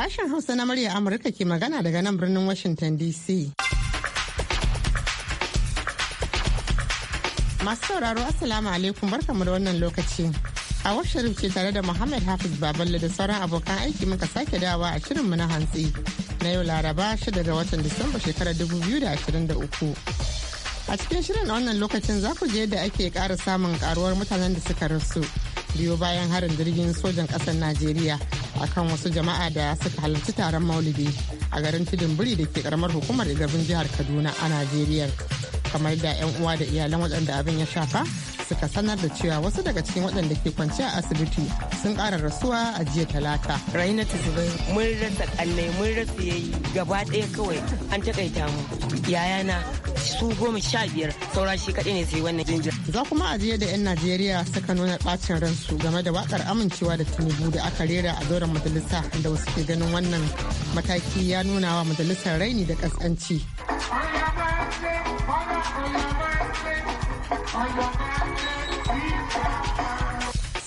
Sashen Hausa na murya Amurka ke magana daga nan birnin Washington DC. Masu sauraro Assalamu alaikum barkamu da wannan lokaci. Awar Sharif ce tare da Muhammad Hafiz Baballe da sauran abokan aiki muka sake dawa a shirinmu na hantsi na yau Laraba 6 ga watan Disamba shekarar 2023. A cikin shirin a wannan lokacin za ku je yadda ake ƙara samun karuwar mutanen da suka rasu biyo bayan harin jirgin sojan ƙasar najeriya a kan wasu jama'a da suka halarci taron maulidi a garin tudun biri da ke karamar hukumar igabin jihar kaduna a najeriya kamar da 'yan uwa da iyalan waɗanda abin ya shafa suka sanar da cewa wasu daga cikin waɗanda ke kwance a asibiti sun ƙara rasuwa a jiya talata. Raina Zubai mun rasa kalle mun rasa yayi gaba ɗaya kawai an takaita mu yayana su goma sha biyar saura shi kaɗai ne zai wannan jinjin. Za kuma a da 'yan Najeriya suka nuna ɓacin ransu game da wakar amincewa da Tinubu da aka rera a zauren majalisa da wasu ke ganin wannan mataki ya nuna wa majalisar raini da ƙasƙanci.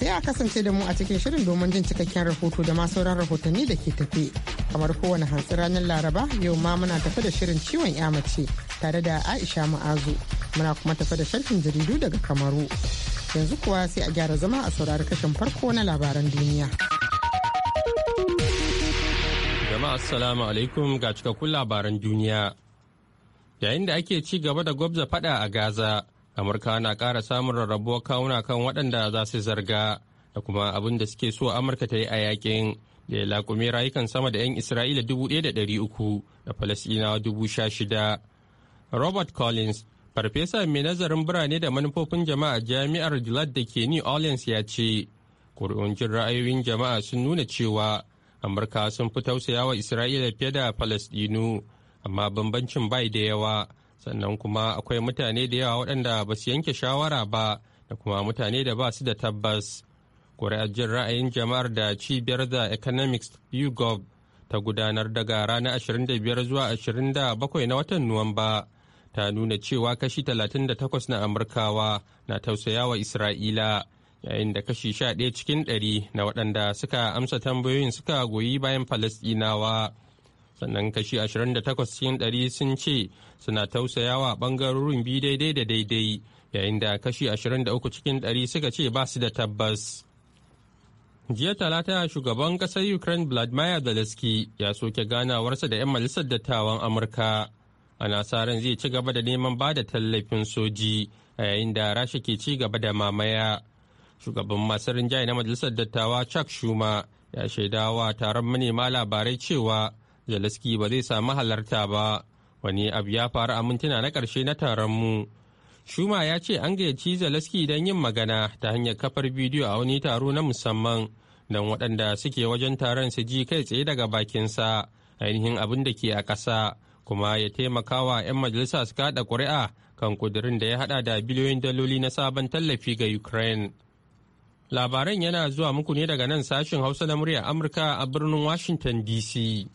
sai a kasance da mu a cikin shirin domin jin cikakken rahoto da ma sauran rahotanni da ke tafe kamar kowane hantsi ranar laraba yau ma muna tafi da shirin ciwon ya mace tare da aisha ma'azu muna kuma tafi da sharhin jaridu daga kamaru yanzu kuwa sai a gyara zama a saurari kashin farko na labaran duniya jama'a assalamu alaikum ga cikakkun labaran duniya yayin da ake ci gaba da gwabza fada a gaza amurka na kara samun rarrabuwar kawuna kan waɗanda za su zarga da kuma abin da suke so amurka ta yi a yakin da ya laƙume rayukan sama da 'yan isra'ila 1,300 da falasɗinawa 16,000 robert collins farfesa mai nazarin birane da manufofin jama'a jami'ar gillard da ke new orleans ya ce kuri'un jin ra'ayoyin jama'a sun nuna cewa amurka sun fi tausaya wa isra'ila fiye da falasɗinu amma bambancin bai da yawa sannan kuma akwai mutane da yawa waɗanda ba su yanke shawara ba da kuma mutane da ba su da tabbas ƙuri'ar jin ra'ayin jama'ar da cibiyar da economics YouGov ta gudanar daga ranar 25 zuwa 27 na watan nuwamba ta nuna cewa kashi 38 na amurkawa na tausayawa isra'ila yayin da kashi 11 cikin 100 na waɗanda suka amsa tambayoyin suka goyi bayan falasɗinawa sannan kashi 28 cikin ɗari sun ce suna tausayawa ɓangarorin biyu daidai da daidai yayin da kashi 23 cikin ɗari suka ce ba su da tabbas. jiya talata shugaban ƙasar ukraine vladimir zelensky ya soke ganawarsa da 'yan majalisar dattawan amurka a nasarar zai ci gaba da neman ba da tallafin soji a yayin da rasha ke ci gaba da mamaya shugaban masu rinjaye na majalisar dattawa chuck shuma ya shaidawa taron manema labarai cewa Zelensky ba zai samu halarta ba wani abu ya faru a mintuna na ƙarshe na taron mu. Shuma ya ce an gayyaci Zelensky don yin magana ta hanyar kafar bidiyo a wani taro na musamman don waɗanda suke wajen taron su ji kai tsaye daga bakinsa ainihin abin da ke a ƙasa kuma ya taimaka wa 'yan majalisa su kaɗa ƙuri'a kan kudirin da ya haɗa da biliyoyin daloli na sabon tallafi ga Ukraine. Labaran yana zuwa muku ne daga nan sashin Hausa na murya Amurka a birnin Washington DC.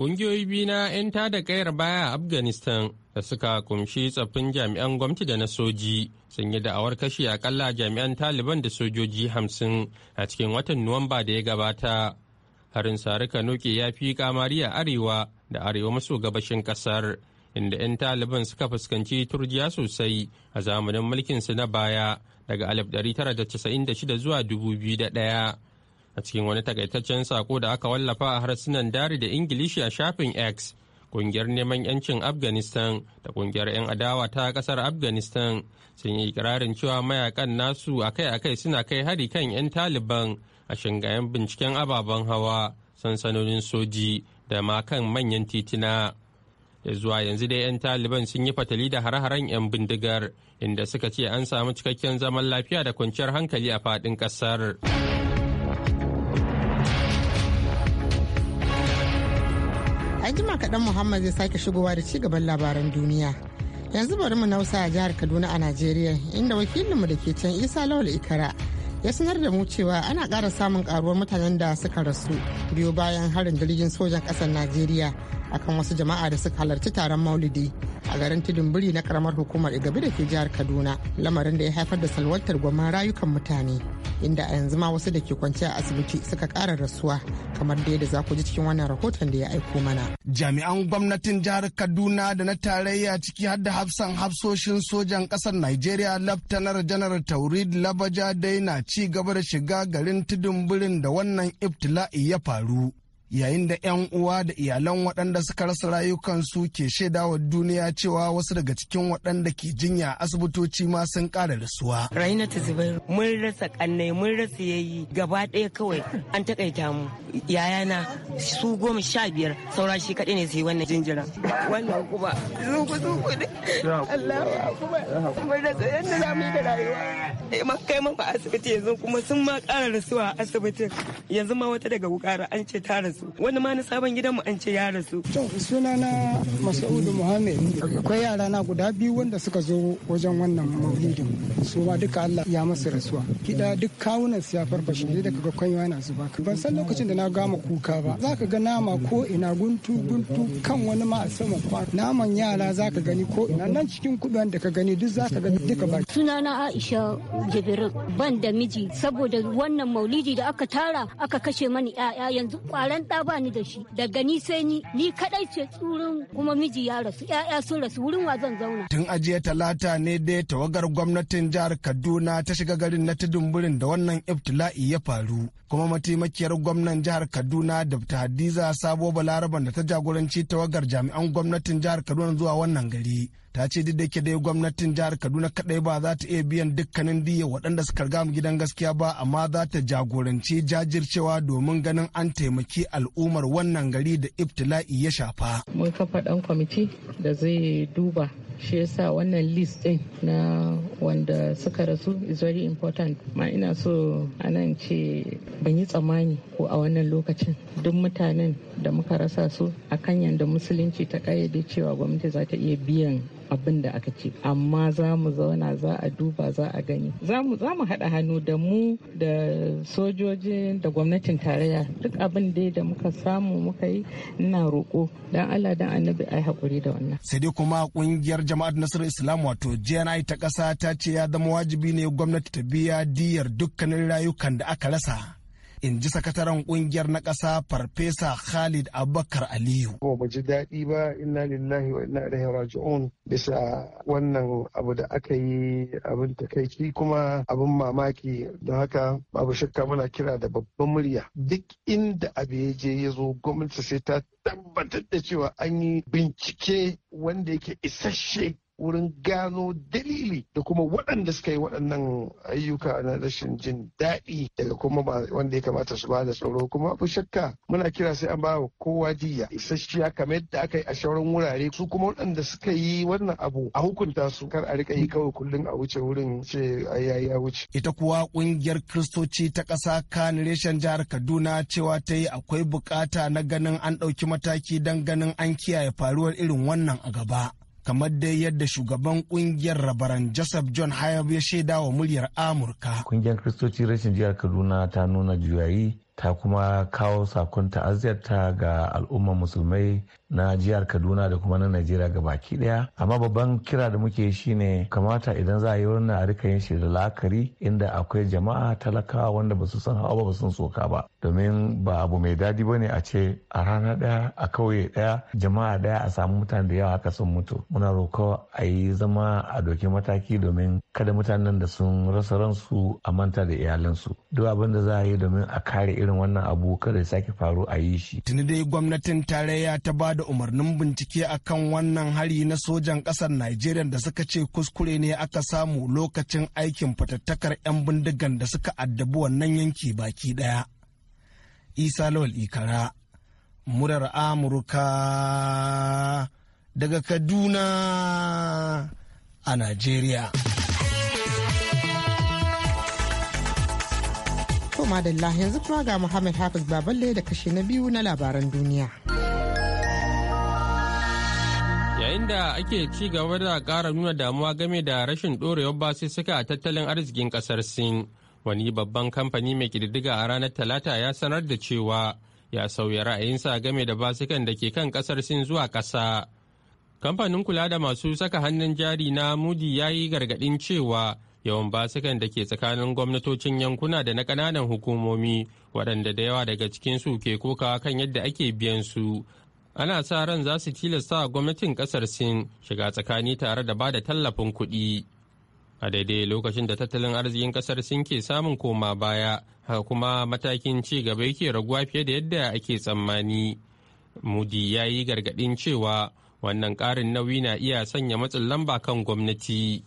Ƙungiyoyi biyu na 'yan tada kayar baya a Afghanistan da suka kumshi tsaffin jami'an gwamnati da na soji sun yi da'awar kashe akalla jami'an Taliban da sojoji hamsin a cikin watan Nuwamba da ya gabata. Harin sarika noke ya fi kamari a arewa da arewa maso gabashin kasar inda 'yan Taliban suka fuskanci turjiya sosai a zamanin mulkinsu na baya daga 1996 zuwa 2001. a cikin wani takaitaccen sako da aka wallafa a harsunan dari da ingilishi a shafin x kungiyar neman yancin afghanistan da kungiyar 'yan adawa ta kasar afghanistan sun yi ikirarin cewa mayakan nasu akai-akai suna kai hari kan 'yan taliban a shingayen binciken ababen hawa sansanonin soji da ma kan manyan titina da zuwa yanzu dai 'yan taliban sun yi fatali da hare-haren 'yan bindigar inda suka ce an samu cikakken zaman lafiya da kwanciyar hankali a faɗin ƙasar. an jima kaɗan muhammad zai sake shigowa da ci gaban labaran duniya yanzu bari mu nausa a jihar kaduna a najeriya inda wakilinmu da ke can isa lawal ikara ya sanar da mu cewa ana ƙara samun ƙaruwar mutanen da suka rasu biyo bayan harin jirgin sojan ƙasar najeriya akan wasu jama'a da suka halarci taron maulidi a garin tudun biri na karamar hukumar igabi da ke jihar kaduna lamarin da ya haifar da salwantar gwamman rayukan mutane inda a yanzu ma wasu da ke kwance a asibiti suka kara rasuwa kamar da yadda za ku ji cikin wannan rahoton da ya aiko mana jami'an gwamnatin jihar kaduna da na tarayya ciki har da hafsan hafsoshin sojan ƙasar nigeria laftanar janar taurid labaja dai na ci gaba da shiga garin tudun birin da wannan ibtila'i ya faru yayin da 'yan uwa da iyalan waɗanda suka rasa rayukansu ke shaida wa duniya cewa wasu daga cikin waɗanda ke jinya asibitoci ma sun ƙara rasuwa. ta zubar mun rasa ƙannai mun rasa yayi gaba ɗaya kawai an taƙaita mu yayana su goma sha biyar saura shi kaɗai ne sai wannan jinjira. Wannan kuma zuku zuku ne. Allah kuma mun rasa yadda za mu yi da rayuwa. Eh, Man kai mafa asibiti yanzu kuma sun ma ƙara rasuwa a asibitin yanzu ma wata daga wukara an ce ta rasu. rasu wani ma na sabon gidan mu an ce ya rasu to suna na masaudu muhammed akwai yara na guda biyu wanda suka zo wajen wannan maulidin su ba duka allah ya masa rasuwa kida duk kawunan su ya farfashe ne daga ga kwanya yana zuba ban san lokacin da na gama kuka ba zaka ga nama ko ina guntu guntu kan wani ma a sama naman yara zaka gani ko ina nan cikin kudin da ka gani duk zaka gani duka ba suna na aisha jibril ban da miji saboda wannan maulidi da aka tara aka kashe mani yaya yanzu kwaran ɗa ba ni da shi daga ni sai ni ni kadai ce tsurin kuma miji ya rasu ƴaƴa sun rasu wurin wa zan zauna. Tun ajiye talata ne dai tawagar gwamnatin jihar Kaduna ta shiga garin na tudunburin da wannan iftila'i ya faru kuma mataimakiyar gwamnan jihar Kaduna Dr. Hadiza Sabo Balaraban da ta jagoranci tawagar jami'an gwamnatin jihar Kaduna zuwa wannan gari ta ce duk da ke dai gwamnatin jihar kaduna kadai ba za ta iya biyan dukkanin diya waɗanda suka riga mu gidan gaskiya ba amma za ta jagoranci jajircewa domin ganin an taimaki al'ummar wannan gari da ibtila'i ya shafa mun kafa ɗan kwamiti da zai duba shi yasa wannan list ɗin na wanda suka rasu is very important ma ina so anan ce ban yi tsammani ko a wannan lokacin duk mutanen da muka rasa su akan yadda musulunci ta kayyade cewa gwamnati za ta iya biyan abin da aka ce amma za mu zauna za a duba za a gani za mu haɗa hannu da mu da sojoji da gwamnatin tarayya duk abin da da muka samu muka yi ina roƙo dan Allah dan annabi ai haƙuri da wannan sai dai kuma kungiyar jama'ar nasarar islam wato jni ta ƙasa ta ce ya zama wajibi ne gwamnati ta biya diyar dukkanin rayukan da aka rasa in ji sakataren kungiyar na ƙasa farfesa khalid abubakar aliyu Ko ba ji daɗi ba inna lillahi wa inna ilaihi raji'un bisa wannan abu da aka yi abin takaici kuma abin mamaki don haka babu shakka muna kira da babban murya duk inda abu ya je ya zo gwamnati sai ta tabbatar da cewa an yi bincike wanda yake isasshe wurin gano dalili da kuma waɗanda suka yi waɗannan ayyuka na rashin jin daɗi daga kuma wanda ya kamata su ba da tsaro kuma ku shakka muna kira sai an ba wa kowa jiya isasshiya kamar yadda aka yi a sauran wurare su kuma waɗanda suka yi wannan abu a hukunta su kar a riƙa yi kawai kullum a wuce wurin ce ya wuce. Ita kuwa ƙungiyar Kiristoci ta ƙasa reshen jihar Kaduna cewa ta yi akwai bukata na ganin an ɗauki mataki don ganin an kiyaye faruwar irin wannan a gaba. kamar dai yadda shugaban kungiyar rabaran joseph john hayab ya shaida wa muryar amurka kungiyar kristoci rashin jihar kaduna ta nuna juyayi ta kuma kawo sakon ta'aziyarta ga al'ummar musulmai na jihar kaduna da kuma na najeriya ga baki daya amma babban kira da muke shine kamata idan za a yi wannan a rika yin shi da la'akari inda akwai jama'a talakawa wanda ba su san hawa ba sun soka ba domin ba abu mai dadi ne a ce a rana daya a kauye daya jama'a daya a samu mutane da yawa aka sun mutu muna roko a yi zama a doki mataki domin kada mutanen da sun rasa ransu a manta da iyalansu duk abin da za a yi domin a kare irin irin wannan abu kada sake faru a yi shi. Tuni dai gwamnatin tarayya ta ba da umarnin bincike akan wannan hari na sojan ƙasar Najeriya da suka ce kuskure ne aka samu lokacin aikin fatattakar 'yan bindigan da suka addabi wannan yanki baki ɗaya. Isa Lawal Ikara, murar Amurka daga Kaduna a Najeriya. madalla yanzu kuma ga Muhammad Hafiz Baballe da kashe na biyu na labaran duniya. Yayin da ake ci gaba da ƙara nuna damuwa game da rashin ɗorewar basussuka a tattalin arzikin ƙasar Sin, wani babban kamfani mai ƙididdiga a ranar Talata ya sanar da cewa ya sauya ra'ayinsa game da basukan da ke kan ƙasar Sin zuwa ƙasa. Kamfanin kula da masu saka hannun jari na Mudi ya yi gargaɗin cewa yawan basikan da ke tsakanin gwamnatocin yankuna da na ƙananan hukumomi waɗanda da yawa daga cikinsu ke kokawa kan yadda ake biyan su ana sa ran za su tilasta gwamnatin ƙasar sin shiga tsakani tare da ba da tallafin kuɗi a daidai lokacin da tattalin arzikin ƙasar sin ke samun koma baya haka kuma matakin ci gaba yake raguwa fiye da yadda ake tsammani mudi ya yi gargaɗin cewa wannan ƙarin nauyi na iya sanya matsin lamba kan gwamnati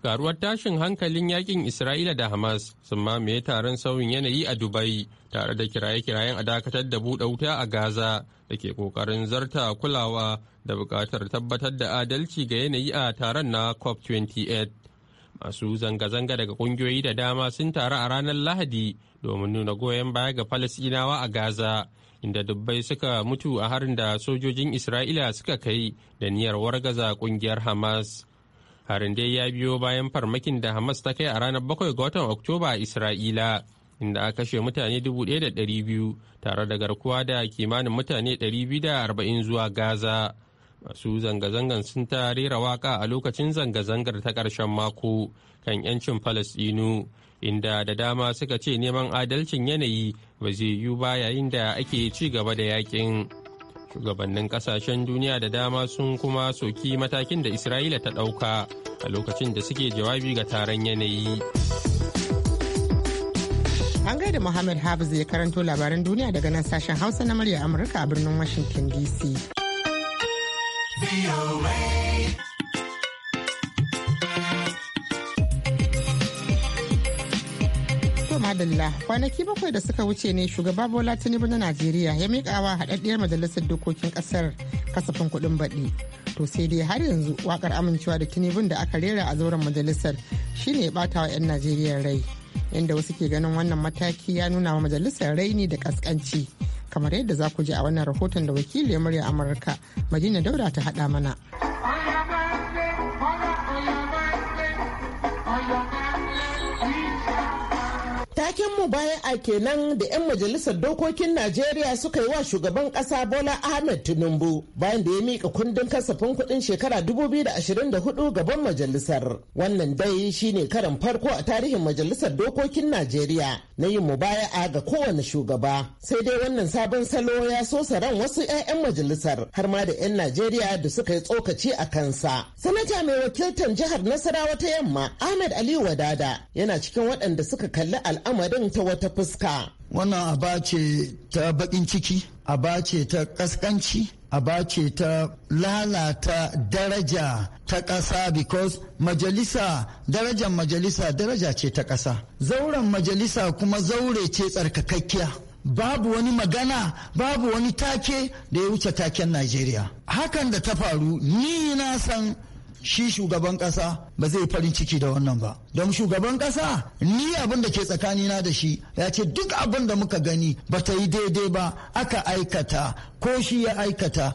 Karuwar tashin hankalin yakin Isra'ila da Hamas sun mamaye taron sauyin yanayi a Dubai tare da kiraye-kirayen a dakatar da buɗe wuta a Gaza da ke ƙoƙarin zarta kulawa da buƙatar tabbatar da adalci ga yanayi a taron na COP28. Masu zanga-zanga daga ƙungiyoyi da dama sun taru a ranar Lahadi domin nuna goyon baya ga Falasɗinawa a Gaza. inda dubbai suka mutu a harin da sojojin Isra'ila suka kai da niyyar wargaza ƙungiyar Hamas. harin dai ya biyo bayan farmakin da hamas ta kai a ranar 7 ga watan oktoba a isra'ila inda aka kashe mutane 1,200 tare da garkuwa da kimanin mutane 240 zuwa gaza masu zanga-zangar sun ta rera waka a lokacin zanga-zangar ta ƙarshen mako kan 'yancin falasɗinu inda da dama suka ce neman adalcin yanayi ba zai yiwu ba yayin da ake ci gaba da yakin. shugabannin kasashen duniya da dama sun kuma soki matakin da isra'ila ta ɗauka a lokacin da suke jawabi ga taron yanayi an gaida muhammad hafiz ya karanto labaran duniya daga nan sashen hausa na murya amurka a birnin washington dc adalla kwanaki bakwai da suka wuce ne shugaba bola tinubu na najeriya ya miƙawa haɗaɗɗiyar majalisar dokokin ƙasar kasafin kuɗin baɗi to sai dai har yanzu wakar amincewa da tinubun da aka rera a zauren majalisar shine ya ɓata wa 'yan najeriya rai inda wasu ke ganin wannan mataki ya nuna wa majalisar raini da kaskanci kamar yadda za ku ji a wannan rahoton da wakilin murya amurka madina daura ta haɗa mana a kenan da 'yan majalisar dokokin Najeriya suka yi wa shugaban kasa Bola Ahmed Tinubu bayan da ya mika kundin kasafin kuɗin shekara 2024 gaban majalisar. Wannan dai shine karan farko a tarihin majalisar dokokin Najeriya na yin mubaya'a ga kowane shugaba. Sai dai wannan sabon salo ya so ran wasu 'ya'yan majalisar har ma da 'yan Najeriya da suka yi tsokaci a kansa. Sanata mai wakiltar jihar Nasarawa ta yamma Ahmed Aliyu Wadada yana cikin waɗanda suka kalli al'amarin ta ta wata fuska. Wannan aba ce ta baƙin ciki, aba ce ta ƙasƙanci, aba ce ta lalata daraja ta ƙasa because majalisa darajar majalisa daraja ce ta ƙasa. Zauren majalisa kuma zaure ce tsarkakakkiya. babu wani magana babu wani take da ya wuce taken Najeriya. Hakan da ta faru ni na san shi shugaban ƙasa ba zai farin ciki da wannan ba don shugaban kasa ni abin da ke tsakanina da shi ya ce duk abin da muka gani ba ta yi daidai ba aka aikata ko shi ya aikata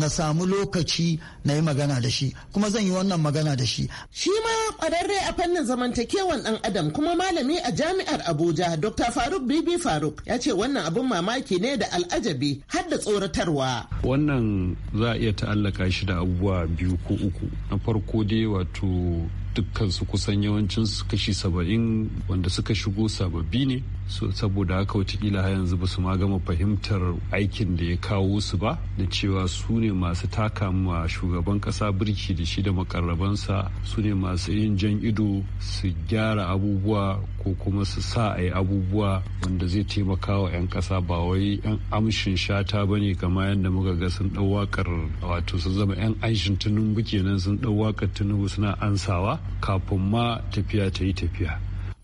na samu lokaci na yi magana da shi kuma zan yi wannan magana da shi shi ma kwararre a fannin zamantakewan dan adam kuma malami a jami'ar abuja dr faruk bibi faruk ya ce wannan abin mamaki ne da al'ajabi har da tsoratarwa wannan za a iya ta'allaka shi da abubuwa biyu ko uku na farko dai wato dukkan su kusan yawancin su kashi saba'in wanda suka shigo sababbi ne saboda haka watakila ha yanzu ba su ma gama fahimtar aikin da ya kawo su ba da cewa su ne masu taka ma shugaban kasa birki da shi da makarrabansa su ne masu yin jan ido su gyara abubuwa ko kuma su sa a yi abubuwa wanda zai taimaka wa 'yan kasa ba wai 'yan amshin shata ba ne kama yadda muka ga sun ɗau wakar wato sun zama 'yan aishin tunubu kenan sun ɗau wakar tunubu suna ansawa kafin ma tafiya ta yi tafiya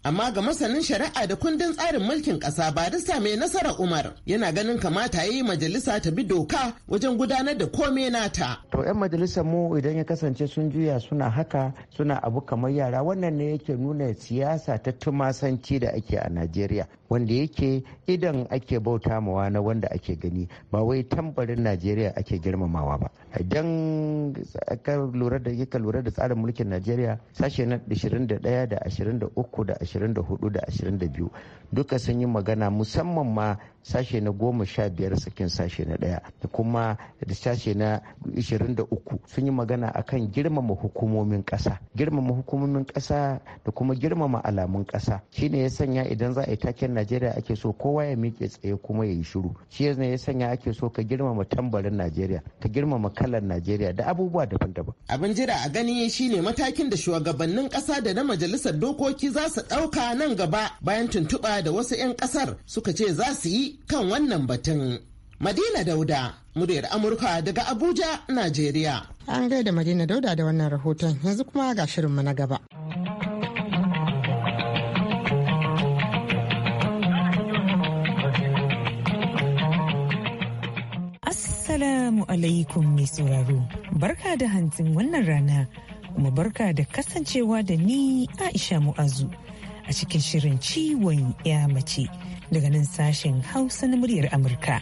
amma ga masanin shari'a da kundin tsarin mulkin ƙasa da mai nasarar umar yana ganin kamata yi majalisa ta bi doka wajen gudanar da kome nata to 'yan majalisar mu idan ya kasance sun juya suna haka suna abu kamar yara wannan ne yake nuna siyasa ta tumasanci da ake a najeriya wanda yake idan ake bauta mawa na wanda ake gani ba wai tambarin najeriya ake girmamawa ba idan ka lura da yake lura da tsarin mulkin najeriya sashe na 21 da 23 da 24 da 22 duka sun yi magana musamman ma sashe na goma sha biyar sakin sashe na ɗaya da kuma da sashe na ishirin da uku sun yi magana akan girmama hukumomin kasa girmama hukumomin kasa da kuma girmama alamun ƙasa shine ya sanya idan za a yi taken najeriya ake so kowa ya miƙe tsaye kuma ya yi shiru shi ne ya sanya ake so ka girmama tambarin najeriya ka girmama kalar najeriya da abubuwa daban-daban abin jira a gani shine matakin da shugabannin kasa da na majalisar dokoki za su ɗauka nan gaba bayan tuntuɓa da wasu 'yan ƙasar suka ce za su yi kan wannan batun. Madina Dauda, muryar Amurka daga Abuja, Najeriya. An gaida Madina Dauda da wannan rahoton yanzu kuma ga shirinmu na gaba. Assalamu alaikum mai sauraro, barka da hantsin wannan rana, kuma barka da kasancewa da ni Aisha Mu'azu a cikin shirin ciwon ya mace. daga nan sashen Hausa na muryar Amurka.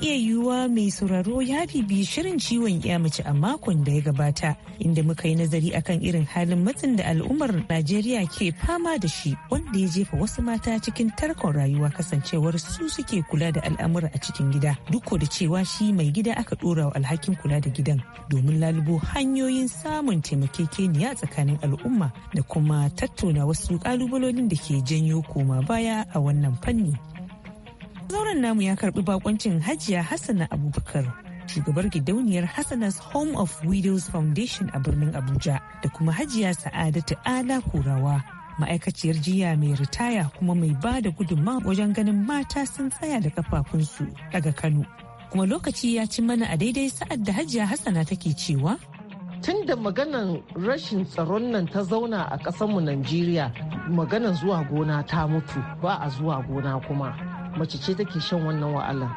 iya yiwuwa mai sauraro ya bibi shirin ciwon iya mace a makon da ya gabata inda muka yi nazari akan irin halin matsin da al'ummar Najeriya ke fama da shi wanda ya jefa wasu mata cikin tarkon rayuwa kasancewar su suke kula da al'amura a cikin gida duk da cewa shi mai gida aka dora wa alhakin kula da gidan domin lalubo hanyoyin samun taimakekeniya tsakanin al'umma da kuma tattauna wasu kalubalolin da ke janyo koma baya a wannan fanni. Zauren namu ya karbi bakoncin Hajiya Hassana Abubakar, shugabar gidauniyar Hassana's Home of Widows Foundation a birnin Abuja da kuma Hajiya Sa'adatu Ala Kurawa. Ma'aikaciyar jiya mai ritaya kuma mai ba da gudunma wajen ganin mata sun tsaya da kafafunsu daga Kano. Kuma lokaci ya ci mana a daidai sa'ad da Hajiya Hassana take cewa tun da maganan rashin tsaron nan ta zauna a ƙasarmu Najeriya maganan zuwa gona ta mutu ba a zuwa gona kuma mace ce take shan wannan wa'ala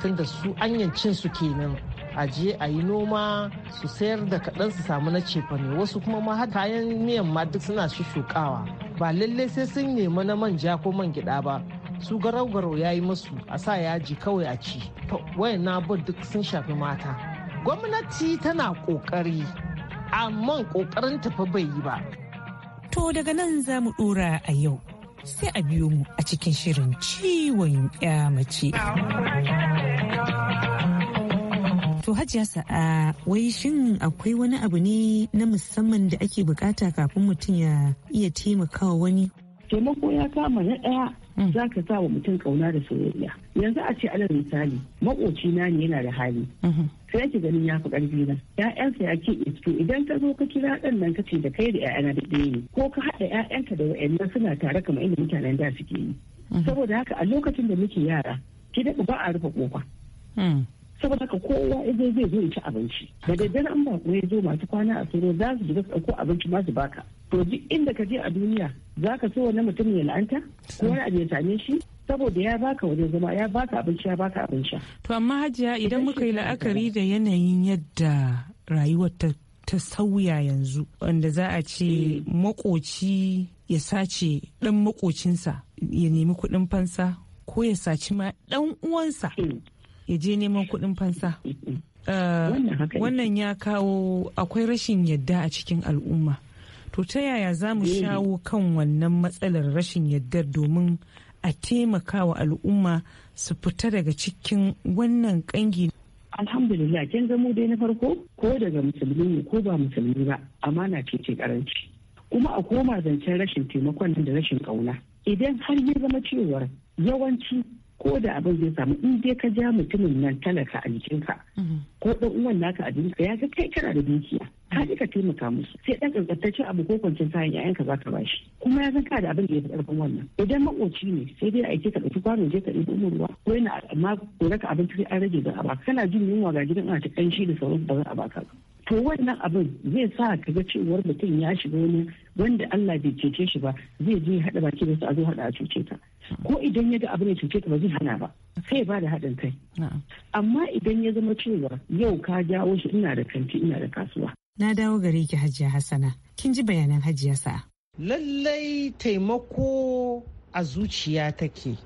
tunda su anyan cin su kenan a je a yi noma su sayar da kaɗan su samu na cefa ne, wasu kuma ma kayan miyan ma duk suna shushukawa ba lallai sai sun nema na manja ko man gida ba su garau-garau ya yi masu a sa yaji kawai a ci wayan na duk sun shafi mata gwamnati tana kokari amma kokarin tafi bai yi ba to daga nan za mu dora a yau sai a biyo mu a cikin shirin ciwon ya mace. To hajiya sa'a wai shin akwai wani abu ne na musamman da ake bukata kafin mutum ya iya taimakawa wani taimako ya kama na ɗaya mm. za ka sa wa mutum kauna da soyayya yanzu a ce alal misali makoci na ne yana da hali mm-hmm. sai yake ganin ya fi ƙarfi na ƴaƴansa ya ke iske idan ka zo ka kira ɗan nan ka ce da kai da ƴaƴana da ɗaya ne ko ka haɗa ƴaƴanka da wa'annan suna tare kamar inda mutanen da suke yi mm-hmm. saboda haka a lokacin da muke yara ki da ba a rufe ƙofa mm. saboda haka kowa idan zai zo ya ci abinci da daidai an ba ya zo masu kwana a tsoro za su ji abinci ma su baka to duk inda ka je a duniya za ka so wani mutum ya la'anta ko wani abu ya same shi saboda ya baka wajen zama ya baka abinci ya baka abin To amma hajiya idan muka yi la'akari da yanayin yadda rayuwar ta sauya yanzu wanda za a ce eh. makoci ya sace dan makocinsa ya nemi kuɗin fansa ko ya saci ma dan uwansa eh. ya je neman kuɗin fansa. Eh, wannan ya kawo akwai rashin yadda a cikin al'umma. to ta yaya za mu shawo kan wannan matsalar rashin yardar domin a taimaka wa al'umma su fita daga cikin wannan kangi alhamdulillah kin zamo dai na farko ko daga musulmi ne ko ba musulmi ba amana ce ce karanci kuma a koma zancen rashin taimakon da rashin kauna idan har ya zama cewar yawanci ko da abin zai samu in dai ka ja mutumin nan talaka a jikinka mhm. ko dan uwan naka a jikinka ya ga kai kana da dukiya ka ji ka taimaka musu sai dan kankantacce abu ko kwancin kayan yayanka za ka bashi kuma ya san ka da abin da ya fi karfin wannan idan makoci ne sai dai aike ka dauki kwano je ka ɗauki umurwa ko yana amma ko ka abinci sai an rage zan a baka kana jin yunwa ga gidan ana ta kanshi da sauran ba zan a baka to wannan abin zai sa ka ga cewar mutum ya shiga wani wanda Allah bai cece shi ba zai je haɗa baki da su a zo haɗa a cuce ka ko idan ya ga abin ya cuce ta ba zai hana ba sai ya bada haɗin kai amma idan ya zama cewa yau ka jawo shi ina da kanti ina da kasuwa na dawo gare ki hajiya hassana kin ji bayanan hajiya sa'a lallai taimako a zuciya take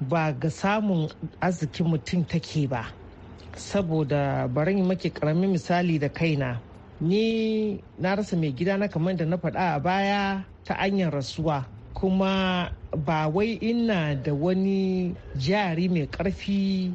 ba ga samun arzikin mutum take ba saboda bari maki karamin misali da kaina ni na rasa mai gida na kamar da na faɗa a baya ta anyar rasuwa kuma ba wai ina da wani jari mai karfi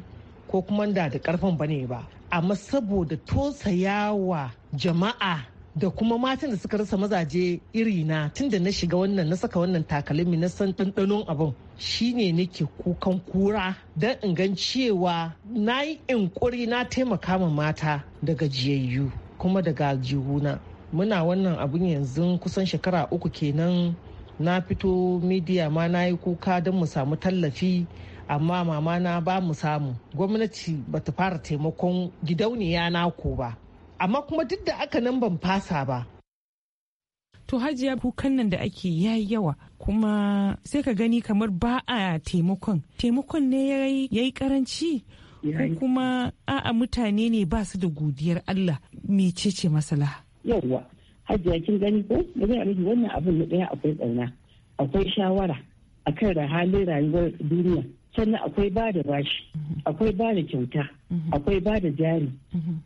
ko kuma da da karfin bane ba amma saboda tosayawa jama'a da kuma matan da suka rasa mazaje iri na tunda na shiga wannan na saka wannan takalmi na san ɗanɗanon abin shine nake kukan kura don in gan cewa na yi inkuri na taimaka ma mata daga jiyayyu. kuma daga jihuna muna wannan abun yanzu kusan shekara uku kenan na fito midiya ma na yi kuka don mu samu tallafi amma mama na ba mu samu gwamnati ba ta fara taimakon gidauniya na ko ba amma kuma duk da aka nan ban fasa ba to hajiya kukan nan da ake yayi yawa kuma sai ka gani kamar ba a taimakon taimakon ne ya yi karanci ko kuma a'a mutane ne ba su da godiyar allah mecece masala yauwa hajjiya kin gani ko ba zai wannan abin na ɗaya akwai tsauna akwai shawara akan da halin rayuwar duniya sannan akwai ba da bashi akwai ba da kyauta akwai ba da jari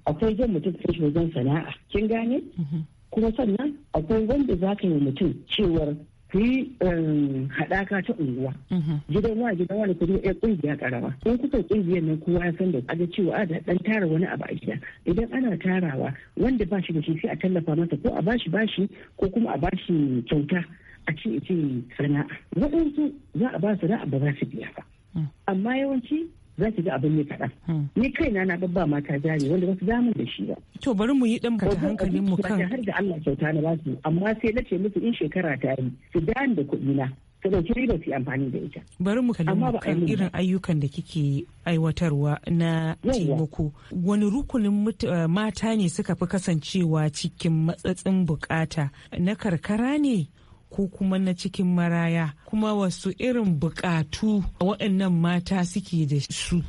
akwai jan mutum kashi wajen sana'a kin gane mhm. kuma sannan akwai wanda za ka yi mutum cewar Ki eh, haɗaka ta unguwa mhm. gidan wa gidan wa da ku ƙungiya ƙarama in kuka ƙungiyar nan kowa ya san da aga cewa a ɗan tara wani abu a gida idan ana tarawa wanda ba shi da shi sai a tallafa masa ko a bashi bashi ko kuma a bashi kyauta a ce ce sana'a waɗansu za a ba su ra'a ba za su biya ba mm. amma yawanci za ki ga abin ne kaɗan. Hmm. Ni kaina na babba mata jari wanda wasu damun da shi ba. To bari mu yi ɗan ka hankalin mu kan. Har da Allah kyauta na basu amma sai na ce musu in shekara ta yi su dani da kuɗi na. Su ɗauki riba su yi amfani da ita. Bari mu kalli kan irin ayyukan da kike aiwatarwa na taimako. Wani rukunin eh, mata ne suka fi kasancewa cikin matsatsin bukata na karkara ne ko kuma na cikin maraya kuma wasu irin bukatu waɗannan mata suke da su.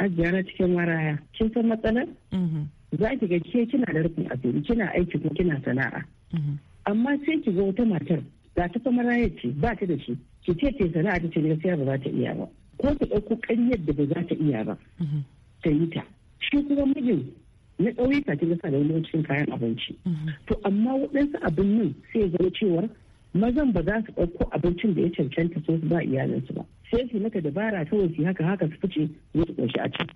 na cikin maraya, kin san matsalar? Mhm. Za ki ga ke kina da rufin asiri, kina aiki ko kina sana'a. Mhm. Amma sai ki ga wata matar ga ta fa maraya ce ba ta da shi, ki ce ce sana'a ta ce sai ba za ta iya ba. Ko ta ɗauko ƙaryar da ba za ta iya ba. Mhm. Ta yi ta. Shi kuma mijin na ƙauyuka ta ga da wani cikin kayan abinci. To amma waɗansu abin nan sai ya zama cewar mazan ba za su ɗauko abincin da ya cancanta so su ba iyalinsu ba sai su maka dabara ta su haka haka su fice su ƙunshi a can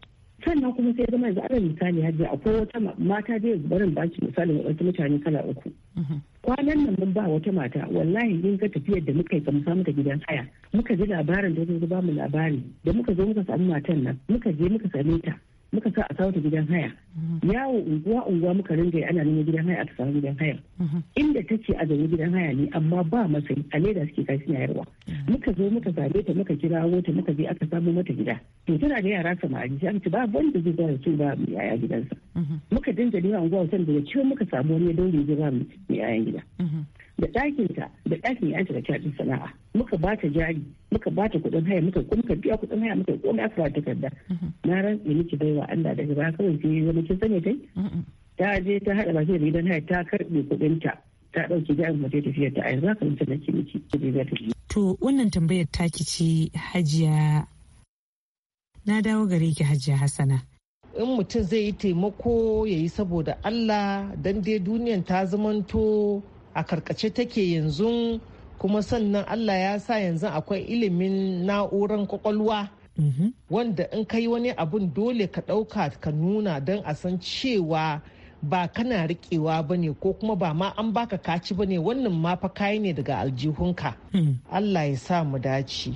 sannan kuma sai zama yanzu alal misali hajji akwai wata mata da yanzu barin baki misali wasu mutane kala uku mhm. kwanan nan mun ba wata mata wallahi yin ga tafiyar da muka yi ka musa muka gidan haya muka ji labarin da ba mu labari da muka zo muka samu matan nan muka je muka same ta muka sa a sauta gidan haya yawo unguwa unguwa muka ringa yi ana neman gidan haya a samu gidan haya inda ta ce a zaune gidan haya ne amma ba masai a leda suke kai suna yarwa muka zo muka zabe ta muka kirawo ta muka je aka samu mata gida to tana da yara samari sai aka ce ba wanda zai zara su ba mu yaya gidansa muka dinga neman unguwa wasan ya ciwo muka samu wani ya daure zai ba mu 'ya'yan gida da ɗakinta da ɗakin ya da cajin sana'a muka ba ta jari muka ba ta kuɗin haya muka kuma ka biya kuɗin haya muka kuma aka ta takarda mm-hmm. na ran da miki baiwa Allah daga ba kawai sai zama kin sani kai ta je ta haɗa baki da gidan haya ta karɓe kuɗin ta ta ɗauki jarin mace tafiya ta a yanzu haka nake miki to wannan tambayar ta ce hajiya na dawo gare ki hajiya hasana in mutum zai yi taimako ya yi saboda Allah don dai duniyan ta zamanto a karkace take yanzu kuma sannan allah ya sa yanzu akwai ilimin na'urar kwakwalwa mhm. wanda in kai wani abun dole ka ɗauka ka nuna don a san cewa ba kana riƙewa ba ne ko kuma ba ma an baka kaci ba ne wannan ma kayi ne daga aljihunka hmm. allah ya sa mu dace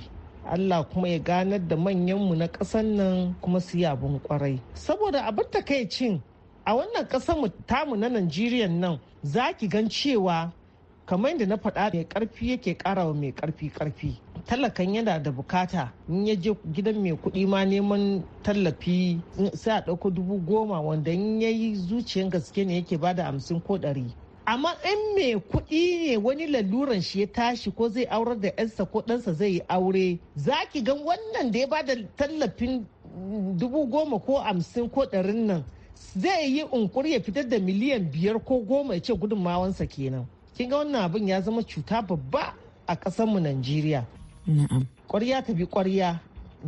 Allah kuma ya ganar da manyanmu na ƙasan nan kuma su yi abin kwarai. Saboda abin takaicin a wannan kasar mu tamu na Najeriya nan za ki gan cewa kamar yadda na faɗa mai ƙarfi yake ƙara mai ƙarfi ƙarfi talakan yana da bukata in ya je gidan mai kuɗi ma neman tallafi sai a ɗauko dubu goma wanda in ya yi zuciyan gaske ne yake bada hamsin ko ɗari amma in mai kuɗi ne wani laluran shi ya tashi ko zai aurar da yansa ko ɗansa zai yi aure za ki gan wannan da ya bada tallafin dubu goma ko hamsin ko ɗarin nan zai yi unkuri ya fitar da miliyan biyar ko goma ya ce gudunmawansa kenan kin ga wannan abin ya zama cuta babba a ƙasarmu najeriya ƙwarya ta bi ƙwarya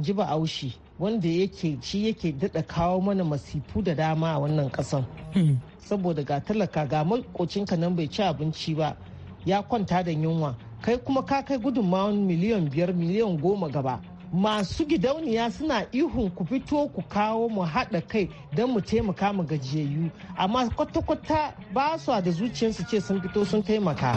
ji ba aushi wanda yake shi yake daɗa kawo mana masifu da dama a wannan ƙasan hmm. saboda ga talaka ga makocinka nan bai ci abinci ba ya kwanta da yunwa kai kuma ka kai gudunmawan miliyan biyar miliyan goma gaba masu gidauniya suna ihun ku fito ku kawo mu haɗa kai don mu taimaka mu gajiyayyu amma kwata-kwata ba su da zuciyarsu ce sun fito sun taimaka.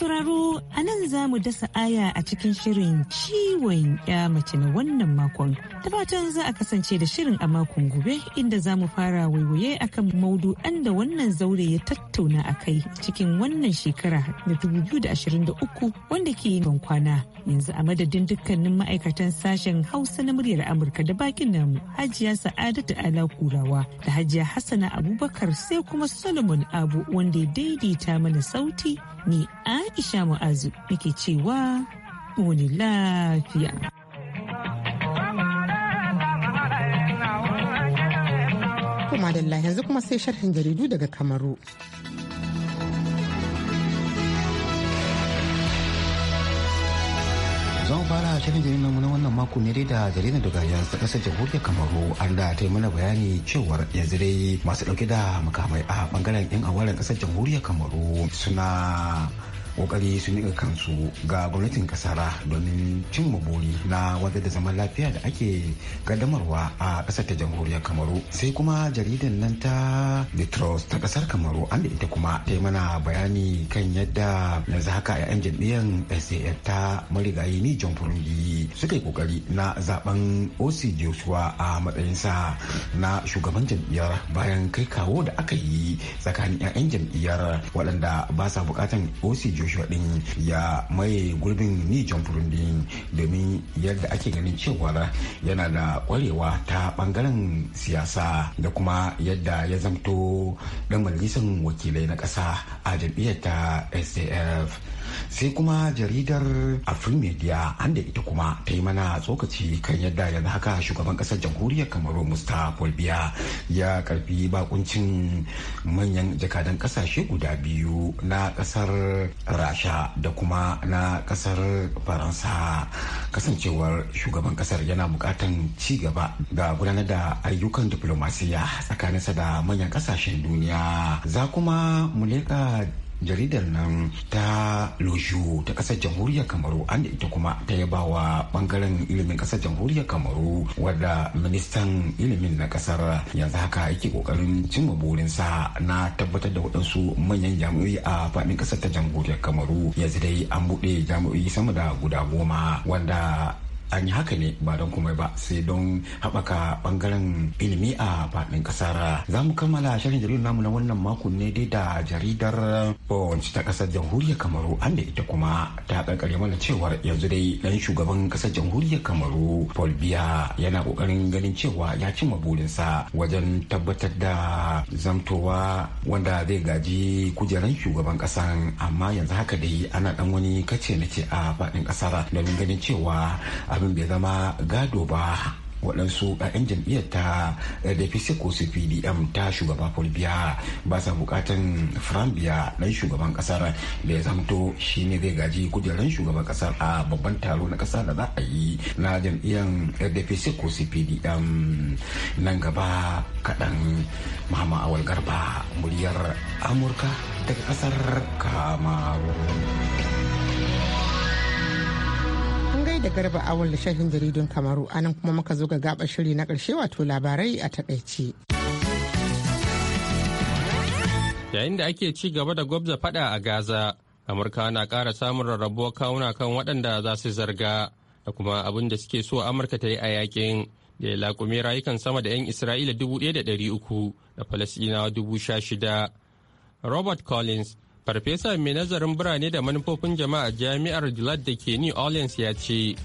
sauraro a nan za mu dasa aya a cikin shirin ciwon ya mace na wannan makon. Ta fatan za a kasance da shirin a makon gobe inda za mu fara waiwaye akan maudu'an da wannan zaure ya tattauna a kai cikin wannan shekara da 2023 wanda ke yin kwana. Yanzu a madadin dukkanin ma'aikatan sashen Hausa na muryar Amurka da bakin namu Hajiya Sa'adatu Ala Kurawa da Hajiya Hassana Abubakar sai kuma Solomon Abu wanda ya daidaita mana sauti ni an Aisha Mu'azu nake cewa wani lafiya. Kuma da yanzu kuma sai sharhin jaridu daga Kamaru. zan fara shirin jaridar na wannan mako ne dai da jaridar daga ta kasar jamhuriyar kamaru an da ta yi mana bayani cewar yanzu dai masu dauke da makamai a bangaren yan awaren kasar jamhuriyar kamaru suna kokari sun nika kansu ga gwamnatin ƙasar domin cin buri na wadda da zaman lafiya da ake kaddamarwa a kasar ta jamhuriyar kamaru sai kuma jaridar nan ta the ta kasar kamaru an da ita kuma ta yi mana bayani kan yadda yanzu haka 'ya'yan jam'iyyar saf ta marigayi ni john burundi suka yi kokari na zaben osi joshua a matsayinsa na shugaban jam'iyyar bayan kai kawo da aka yi tsakanin 'ya'yan jam'iyyar waɗanda ba sa bukatan osi joshua joshua din ya maye gurbin ni jamfurin din domin yadda ake ganin cewa yana da kwarewa ta bangaren siyasa da kuma yadda ya zamto dan majalisar wakilai na kasa a jam'iyyar ta sdf sai kuma jaridar afrimedia anda ita kuma ta yi mana tsokaci kan yadda yanzu haka shugaban kasar jamhuriyar kamaru mustapha biya ya karfi bakuncin manyan jakadan kasashe guda biyu na kasar rasha da kuma na kasar faransa kasancewar shugaban kasar yana bukatan ci gaba ga gudanar da ayyukan diplomasiya tsakaninsa da manyan kasashen duniya za kuma mu leƙa jaridar nan ta lojo ta kasar jamhuriyar kamaru an ita kuma ta yaba wa bangaren ilimin kasar jamhuriyar kamaru wadda ministan ilimin na kasar yanzu haka yake kokarin cimma burinsa na tabbatar da waɗansu manyan jami'o'i a faɗin kasar ta jamhuriyar kamaru yanzu dai an buɗe jami'o'i sama da guda goma wanda an yi haka ne ba don komai ba sai don haɓaka ɓangaren ilimi a faɗin ƙasar za mu kammala shirin jaridar namu na wannan makon ne dai da jaridar bawanci ta ƙasar jamhuriyar kamaru an da ita kuma ta ƙarƙare mana cewar yanzu dai ɗan shugaban ƙasar jamhuriyar kamaru paul biya yana ƙoƙarin ganin cewa ya cimma burinsa wajen tabbatar da zamtowa wanda zai gaji kujeran shugaban ƙasan amma yanzu haka dai ana ɗan wani kace na ce a faɗin ƙasar domin ganin cewa a abin bai zama gado ba waɗansu 'ya'yan jam'iyyar ta dpc ko su pdm ta shugaba fulbiya ba sa bukatan biya ɗan shugaban ƙasar da ya zamto shi ne zai gaji kujerar shugaban ƙasar a babban taro na ƙasa da za a yi na jam'iyyar dpc ko su pdm nan gaba kaɗan mama awal garba muryar amurka daga ƙasar kamaru da garba awal da shafin jaridun kamaru anan kuma muka zo ga gaba shiri na karshe wato labarai a takaice yayin da ake ci gaba da gwabza fada a gaza amurka na kara samun rarrabuwar kawuna kan waɗanda za su zarga da kuma abin da suke so amurka ta yi a yakin da ya laƙumi rayukan sama da 'yan isra'ila 1,300 da falasɗinawa 16,000 robert collins Farfesa mai nazarin birane da manufofin jama'a jami'ar Gillard da ke New Orleans ya ce,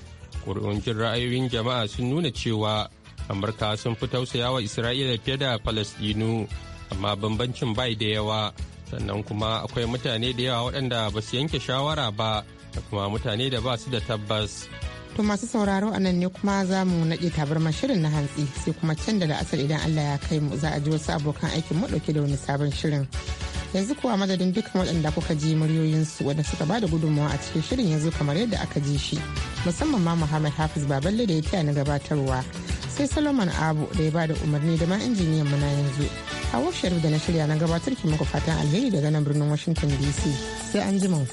ƙuri'uncin ra'ayoyin jama'a sun nuna cewa Amurka sun fi tausaya wa Isra'ila fiye da Falasɗinu, amma bambancin bai da yawa. Sannan kuma akwai mutane da yawa waɗanda ba su yanke shawara ba da kuma mutane da ba su da tabbas. To masu sauraro a nan ne kuma za mu naɗe tabarma shirin na hantsi sai kuma can da la'asar idan Allah ya kai mu za a ji wasu abokan aikin mu ɗauke da wani sabon shirin. yanzu kuwa madadin dukkan waɗanda kuka ji muryoyinsu wanda suka ba da gudunmawa a cikin shirin yanzu kamar yadda aka ji shi musamman ma muhammad hafiz baballe da ya tiya na gabatarwa sai solomon abu da ya ba da umarni da ma injiniyan mu na yanzu hawa sharif da na shirya na gabatar ki muku fatan alheri daga nan birnin washington dc sai an ji ku.